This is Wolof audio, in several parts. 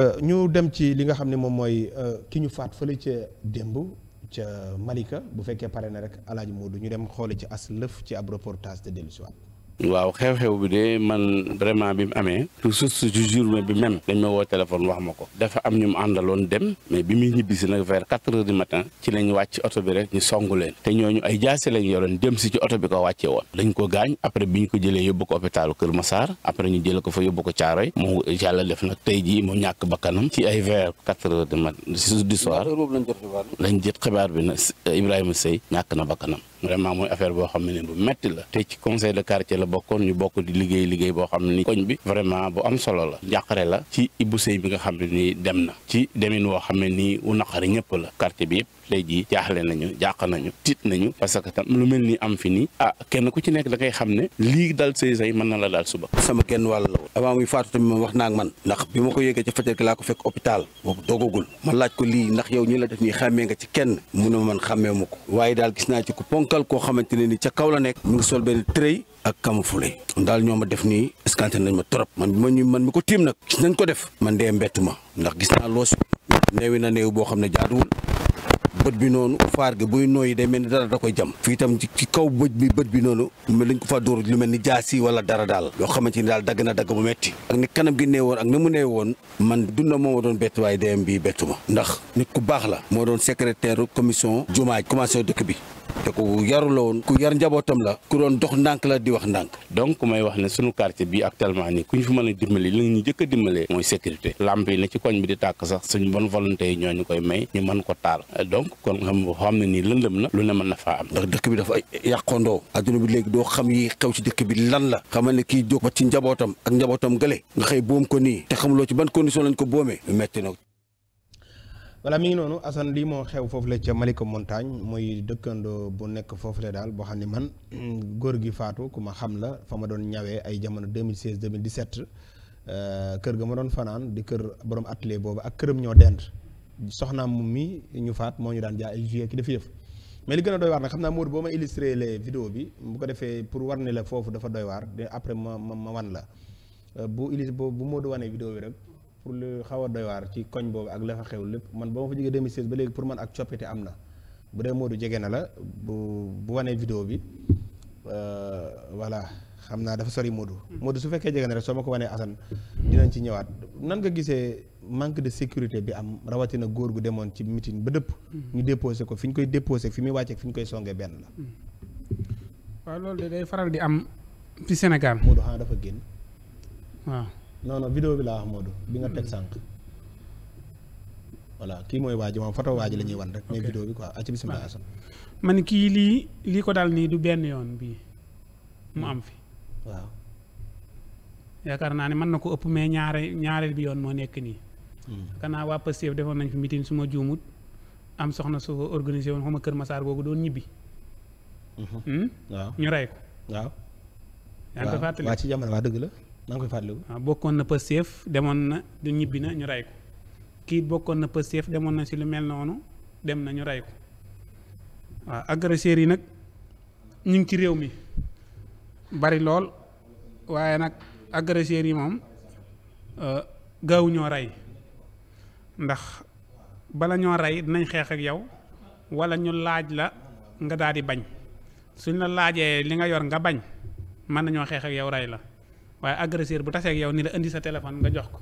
Euh, ñu dem ci li nga xam ne moom mooy euh, ki ñu faat fële ca démb ca Malika bu fekkee pare na rek alaaji du ñu dem xoole ci as lëf ci ab reportage de dellusiwaat waaw xew-xew bi de man vraiment bi mu amee toujours toujours jour bi même dañ ma woo téléphone wax ma ko dafa am ñu mu àndaloon dem mais bi muy ñibbisi nag ver quatre heures du matin ci lañ wàcc oto bi rek ñu songu leen te ñooñu ay jaase lañ yoroon dem si ci oto bi ko wàccee woon dañ ko gaañ après bi ñu ko jëlee yóbbu ko hôpitalu Kër Massar après ñu jëlee ko fa yóbbu ko Caaroy mu yàlla def nag tey jii mu ñàkk bakkanam ci ay vers quatre heures du matin du soir lañ jot xibaar bi na Ibrahima Seye ñàkk na bakkanam vraiment mooy affaire boo xam ne bu metti la te ci conseil de quartier la bokkoon ñu bokk di liggéey liggéey boo xam ne ni koñ bi vraiment bu am solo la njàqare la ci Ibou Seye bi nga xam ne nii dem na ci demin woo xam ne nii u naqari ñëpp la quartier bi yëpp tey jii jaaxle nañu jàq nañu tiit nañu parce que tam lu mel ni am fi nii ah kenn ku ci nekk da ngay xam ne lii dal sëy say mën na la daal suba sama genn wàll la woon avant muy faatu tamit moom wax naa man ndax bi ma ko yëgee ci fajar laa ko fekk hôpital boobu dogagul ma laaj ko lii ndax yow ñu la def nii xàmmee nga ci kenn mu man xàmmee mu ko waaye daal gis naa ci ku ponkal koo xamante ne ca kaw la nekk mu ngi sol benn tërëy ak camouflé daal ñoo ma def nii escanté nañ ma trop man bi ma ñu man mi ko tiim nag gis nañ ko def man dee mbett ma ndax gis naa loos neewi na néew boo xam ne jaaduwul bët bi noonu faar gi buy nooyi day mel ni dara da koy jam fii itam ci kaw bët bi bët bi noonu mel lañ ko fa dóor lu mel ni jaasi wala dara daal loo xamante ni daal dagg na dagg bu metti ak ni kanam gi nee woon ak ni mu nee woon man dunda moo ma doon bett waaye dayam bi bettu ndax nit ku baax la moo doon secrétaire commission jumaaj commission dëkk bi te ku yaru woon ku yar njabootam la ku doon dox ndànk la di wax ndànk donc may wax ne sunu quartier bi actuellement nii ku ñu fi mën a dimbali li ñu jëkk a mooy sécurité lamp yi ne ci koñ bi di tàkk sax suñu bonne volonté ñoo ñu koy may ñu mën ko taal donc kon xam xam ne nii lëndëm na lu ne mën na faa am ndax dëkk bi dafa yàqondoo adduna bi léegi doo xam yi xew ci dëkk bi lan la xamal ne kii jóg ba ci njabootam ak njabootam gële nga xëy boom ko nii te xamuloo ci ban condition lañ ko boomee metti na voilà mi ngi noonu assan lii moo xew foofu la ca Malika Montagne mooy dëkkandoo bu nekk foofu la daal boo xam ne man góor gi faatu ku ma xam la fa ma doon ñawee ay jamono 2016 2017 euh, kër ga ma doon fanaan di kër borom atelier boobu ak këram ñoo dend soxnaam mu mi ñu faat moo ñu daan jaay ay juillet ki dafa yëf mais li gën a doy waar nag xam naa Modou boo ma illustré les vidéo bi bu ko defee pour war ni la foofu dafa doy waar de après ma ma ma wan la euh, bu illustré bu Modou wanee vidéo rek. pour lu xaw a doy waar ci koñ boobu ak la fa xew lépp man ba ma fa jógee 2016 ba léegi pour man ak coppite am na bu dee Modou jege na la bu bu wanee vidéo bi euh, voilà xam naa dafa sori Modou. Hmm. Modou su fekkee jege na rek soo ma ko wanee Assane dinañ ci ñëwaat nan nga gisee manque de sécurité bi am rawatina góor gu demoon ci meeting ba dëpp. Hmm. ñu déposé ko fi ñu koy déposé fi muy wàcceeg fi ñu koy songee benn la. Hmm. waaw loolu de day faral di am ci Sénégal. Modou xanaa dafa génn non non bi laa wax Modou bi nga teg hmm. sànq. voilà kii mooy waa ji moom photo waa ji wan rek. mais vidéo bi quoi ci bisimilah. Ah. man kii lii lii ko dal nii du benn yoon bii mu am fi. waaw. yaakaar naa ne mën na ko ëpp mais ñaare ñaareel bi yoon moo nekk nii. Hmm. yaakaar naa waa Pastef defoon nañ fi meeting suma ma am soxna su organisé woon xuma Kër Masaar googu doon ñibbi. Hmm. waaw ñu rey ko. waaw. waa ci jamono waa dëgg la. maa ngi koy ah, bokkoon na Pastef demoon na du ñibbi na ñu rey ko kii bokkoon na Pastef demoon na si lu mel noonu dem na ñu rey ko waaw ah, agresseurs yi nag ñu ci réew mi bari lool waaye nag agresseurs yi moom euh, gaaw ñoo rey ndax bala ñoo rey dinañ xeex ak yow wala ñu laaj la nga daal bañ suñ la laajee li nga yor nga bañ mën nañoo xeex ak yow rey la waaye agresseur bu tasee yow ni la indi sa téléphone nga jox ko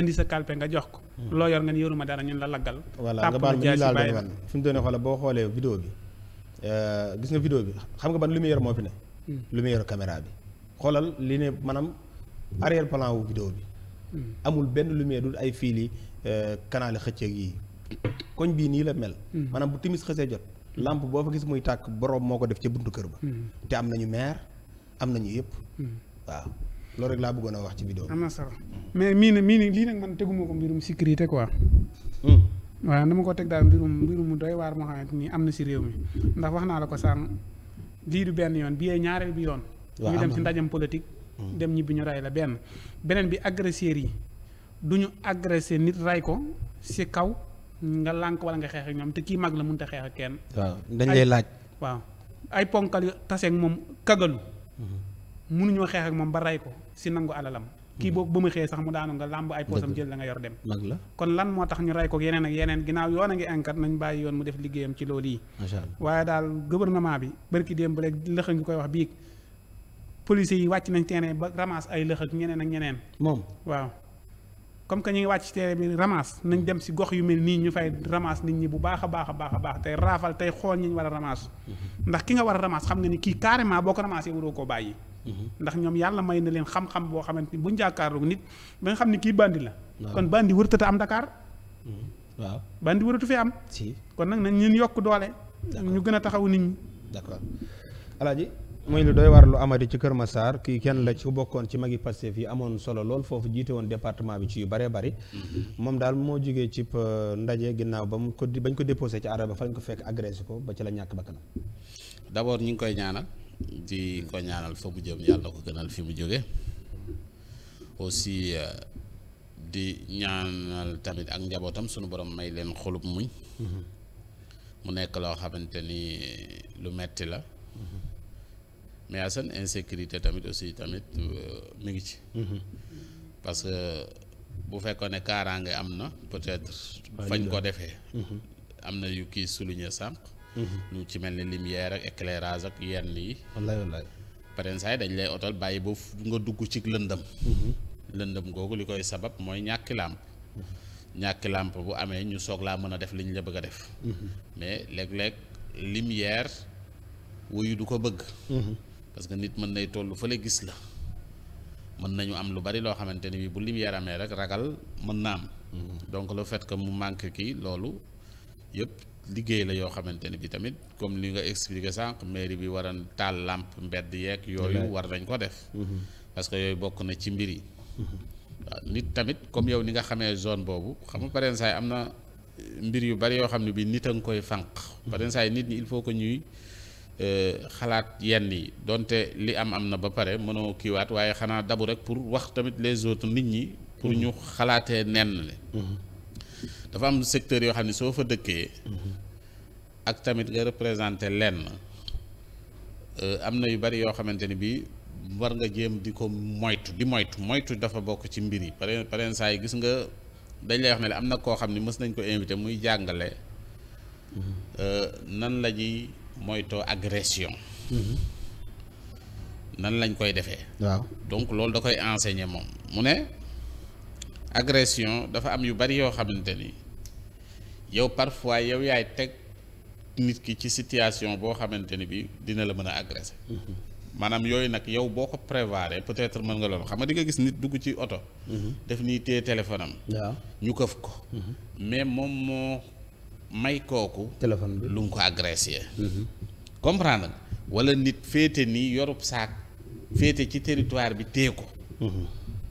indi sa calpe nga jox ko. Hmm. loo yor nga ni yoruma dara ñun la laggal. voilà nga baal ma ñu laal doon wan fi mu doon xoola boo xoolee vidéo bi euh, gis nga vidéo bi xam nga ban lumière moo fi ne. Hmm. lumière caméra bi xoolal li ne maanaam arrière plan wu vidéo bi. Hmm. amul benn lumière dul ay fiili kanaali euh, xëcceeg yii koñ bii nii la mel. maanaam bu timis xësee jot. lamp boo fa gis muy tàkk boroom moo ko def ca buntu kër ba. te am nañu maire am nañu yëpp. loolu rek laa bëggoon a wax ci bidoo am na solo mais mii ne mii ne lii nag man teguma ko mbirum sécurité quoi. Hmm. waa dama ko teg daal mbirum mbirum doy waar moo xamante nii am na si réew mi ndax wax naa la ko sànq lii du benn yoon bii ñaareel bi yoon. ñu dem si ndajam politique. Hmm. dem ñibbi ñu ray la benn. beneen bi agresseurs yi du ñu agressé nit ray ko si kaw nga lànk wala nga xeex ñoom te kii mag la mun a xeex kenn. waaw dañ lay laaj. waaw ay ponkal moom kagalu. Hmm. mënuñoo xeex ak moom ba rey ko si nangu alalam. kii boobu ba mu xëyee sax mu daanu nga làmb ay poosam jël la nga yor dem. kon lan moo tax ñu rey ko yeneen ak yeneen ginnaaw yoon a ngi enquête nañ bàyyi yoon mu def liggéeyam ci loolu yi. macha allah waaye daal gouvernement bi barki démb rek lëx ngi koy wax biig policiers yi wàcc nañ terrain ba ramasse ay lëx ak ñeneen ak ñeneen. moom waaw. comme que ñu ngi wàcc ci terrain bi ramasse nañ dem si gox yu mel nii ñu fay ramasse nit ñi bu baax a baax a baax a baax tey raafal tey xool ñi ñu war a ndax ki nga war a ramasse xam nga ni kii carrément boo ko ramassé waroo koo bàyyi ndax ñoom yàlla may na leen xam-xam boo xamante ni bu ñu jàkkaarloog nit ba nga xam ne kii bandi la. kon bandi wërtata am Dakar. Mm-hmm. waaw bandi wëratu fi am. si kon nag nañ ñun yokk doole. ñu gën a taxaw nit ñi. d'accord alaaji muy lu doy war lu amati ci Kër Massar kii kenn la ci bokkoon ci magi Pastef yi amoon solo lool foofu jiite woon département bi ci yu bëree bëri mm-hmm. moom daal moo jógee cib euh, ndaje ginnaaw ba mu ko bañ ko déposé ci araba fañ ko fekk agressé ko ba ci la ñàkk bakkanam d'abord ñu ngi koy ñaanal di ko ñaanal fa mu jëm yàlla ko gënal fi mu jóge aussi euh, di ñaanal tamit ak njabootam sunu borom may leen xolub muñ mu nekk loo xamante ni lu metti la mais seen insécurité tamit aussi tamit euh, mu ngi ci parce que bu fekkoon ne kaaraange am na peut-être fañ ko defee mhm. am na yu kii souligner sànq ñu mm-hmm. ci mel ni lumière ak éclairage ak yenn yi. wallaay wallaay. parents saa dañ lay otal bàyyi ba nga dugg ci lëndëm. Mm-hmm. lëndëm googu li koy sabab mooy ñàkki làmp. Mm-hmm. ñàkki làmp bu amee ñu soog laa mën a def li ñu la bëgg a def. mais léeg-léeg lumière wuyu du ko bëgg. parce que nit mën nay toll fële gis la. mën nañu am lu bari loo xamante ni bii bu lumière amee rek ragal mën na am. donc le fait que mu manque kii loolu yëpp. liggéey la yoo xamante ne bi tamit comme li nga expliqué sànq mairie bi waran taal làmp mbedd yeeg yooyu war nañ ko def mhm. parce que yooyu bokk na ci mbir yi mhm. waaw nit tamit comme yow ni nga xamee zone boobu xam nga pareen saay am na euh, mbir yu bari yoo xam ne bi nit a nga koy fànq mhm. pareen saay nit ñi il faut que ñuy euh, xalaat yenn yi donte li am am na ba pare mënoo kiiwaat waaye xanaa dabu rek pour wax tamit les autres nit ñi pour ñu xalaatee nenn le dafa am secteur yoo xam ne soo fa dëkkee ak tamit nga représenté lenn euh, am na yu bari yoo xamante ni bii war nga jéem di ko moytu di moytu moytu dafa bokk ci mbir yi pare pare saa yi gis nga dañ lay wax ne am na koo xam ni mës nañ ko invité muy jàngale euh, nan la ñuy moytoo agression nan lañ koy defee waaw donc loolu da koy enseigner moom mu ne agression dafa am yu bari yoo xamante ni yow parfois yow yaay teg nit ki ci situation boo xamante ni bi dina la mën a agressé mm-hmm. maanaam yooyu nag yow boo ko prévoir peut-être mën nga loolu xam nga di nga gis nit dugg ci oto mm-hmm. def nii téye téléphone am ñu këf ko mm-hmm. mais moom moo may kooku téléphone bi lu mu ko agressé comprendre wala nit féete nii yorub saak féete ci teritoire bi téye ko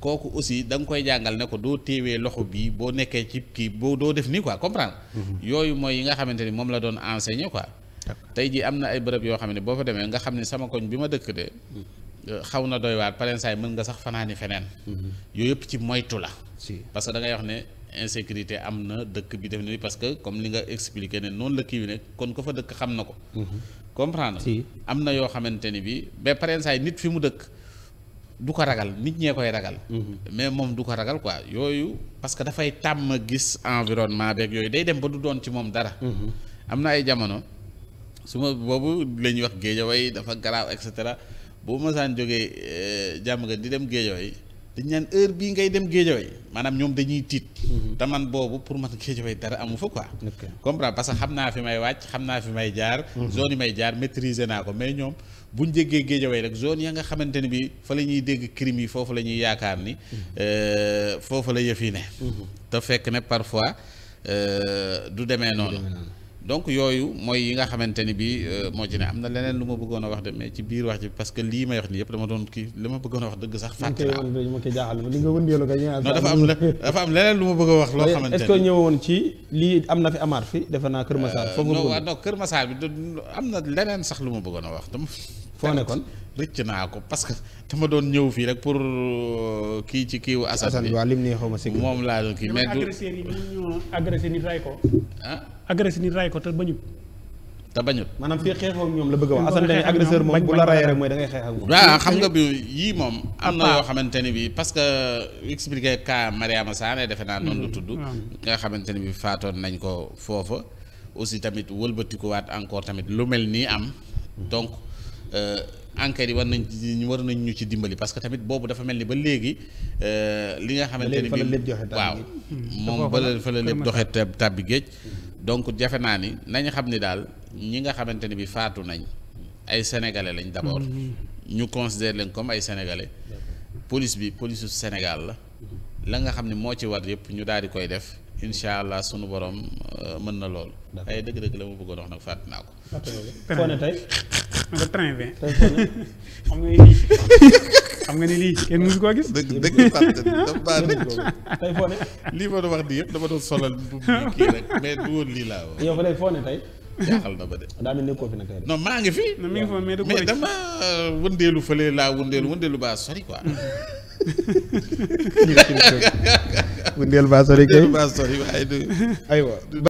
kooku aussi da nga koy jàngal ne ko doo téewee loxo bii boo nekkee ci kii boo doo def nii quoi comprendre mhm. yooyu mooy yi nga xamante ni moom la doon enseigner quoi tey jii am na ay bërëb yoo xam ne boo fa demee nga xam ne sama koñ bi ma dëkk de mhm. euh, xaw na doy waar parensaay mën nga sax fanaani feneen mhm. yooyu yëpp ci moytu la parce que da ngay wax ne insécurité am na dëkk bi def ni parce que comme li nga expliqué ne noonu la kii bi ne kon ko fa dëkk xam na ko comprendre am na yoo xamante ni bi ba parensaay nit fi mu dëkk du ko ragal nit ñee koy ragal. Mm-hmm. mais moom du ko ragal quoi yooyu parce que dafay tàmm gis environnement beeg yooyu day dem ba du doon ci moom dara. Mm-hmm. am na ay jamono su ma boobu la ñuy wax géejaway dafa garaaw et cetera boo masaan jógee eh, jàmm ga di dem géejaway dañ naan heure bii ngay dem géejaway maanaam ñoom dañuy tiit. Mm-hmm. te man boobu pour man géejaway dara amu fa quoi. comprendre parce que xam naa fi may wàcc xam naa fi may jaar. zone yi may jaar maîtriser naa ko mais ñoom. bu buñ jéggee géejaway rek zone ya nga xamante ni bi fa la dégg crime yi foofu la ñuy yaakaar ni euh, foofu la yëf yi ne mm-hmm. te fekk ne parfois euh, du demee noonu donc yooyu mooy yi nga xamante ni bi euh, moo ci ne am na leneen lu ma bëggoon a wax de mais ci wax ji parce que lii may wax nii yëpp doon kii li ma bëggoon wax dëgg sax fàtte naa non dafa am dafa am leneen lu ma wax loo xamante ni est-ce que ci lii am na fi amaat fi defe naa Kër Massar foofu non waaw non Kër Massar bi am na leneen sax lu ma bëggoon a wax dama foo nekkoon rëcc naa ko parce que dama doon ñëw fii rek pour euh, kii ci kiiwu Assane bi waaw nii xaw ma si moom laa doon kii mais du agresseur yi nit ray ko ah agressé nit ray ko te bañut te bañut maanaam fii xeexoo ñoom la bëgg a wax Assane dañuy agresseur moom bu la rayee rek mooy da ngay xeex ak moom waaw xam nga bi yii moom am na yoo xamante ni bi parce que expliqué cas Mariama Sané defe naa noonu lu tudd hmm. Hmm. nga xamante ni bi faatoon nañ ko foofa aussi tamit wëlbatikuwaat encore tamit lu mel nii am hmm. donc Euh, enquêtes yi war nañ ci war nañ ñu ci dimbali parce que tamit boobu dafa mel ni ba léegi euh, li nga xamante ni bi waaw moom ba la fa la lépp doxe tàbbi hmm. géej donc jafe naa ni nañ xam ni daal ñi nga xamante ni bi faatu nañ ay sénégalais lañ d'abord hmm. ñu considère leen comme ay sénégalais police bi police su Sénégal la la nga xam ne moo ci war yëpp ñu daal di koy def incha allah sunu borom euh, mën na loolu. ay dëgg-dëgg la mu bëggoon wax nag fàtte naa ko. foo ne tey. nga train vingt. xam nga ni lii xam nga ni lii kenn mësu koo gis. dëgg dëgg fàtte dafa tey foo ne. lii ma doon wax di yëpp dama doon solal bu kii rek mais du woon lii laa wax. yow ba tey foo ne tey. jaaxal na ba de. daa mel ni koo fi nag tey non maa ngi fi. mi ngi fa mais mais dama euh, wëndeelu fële laa wëndeelu wëndeelu baa sori quoi. bu ndeel baa sori kay. ndeel baa sori waaye du aywa.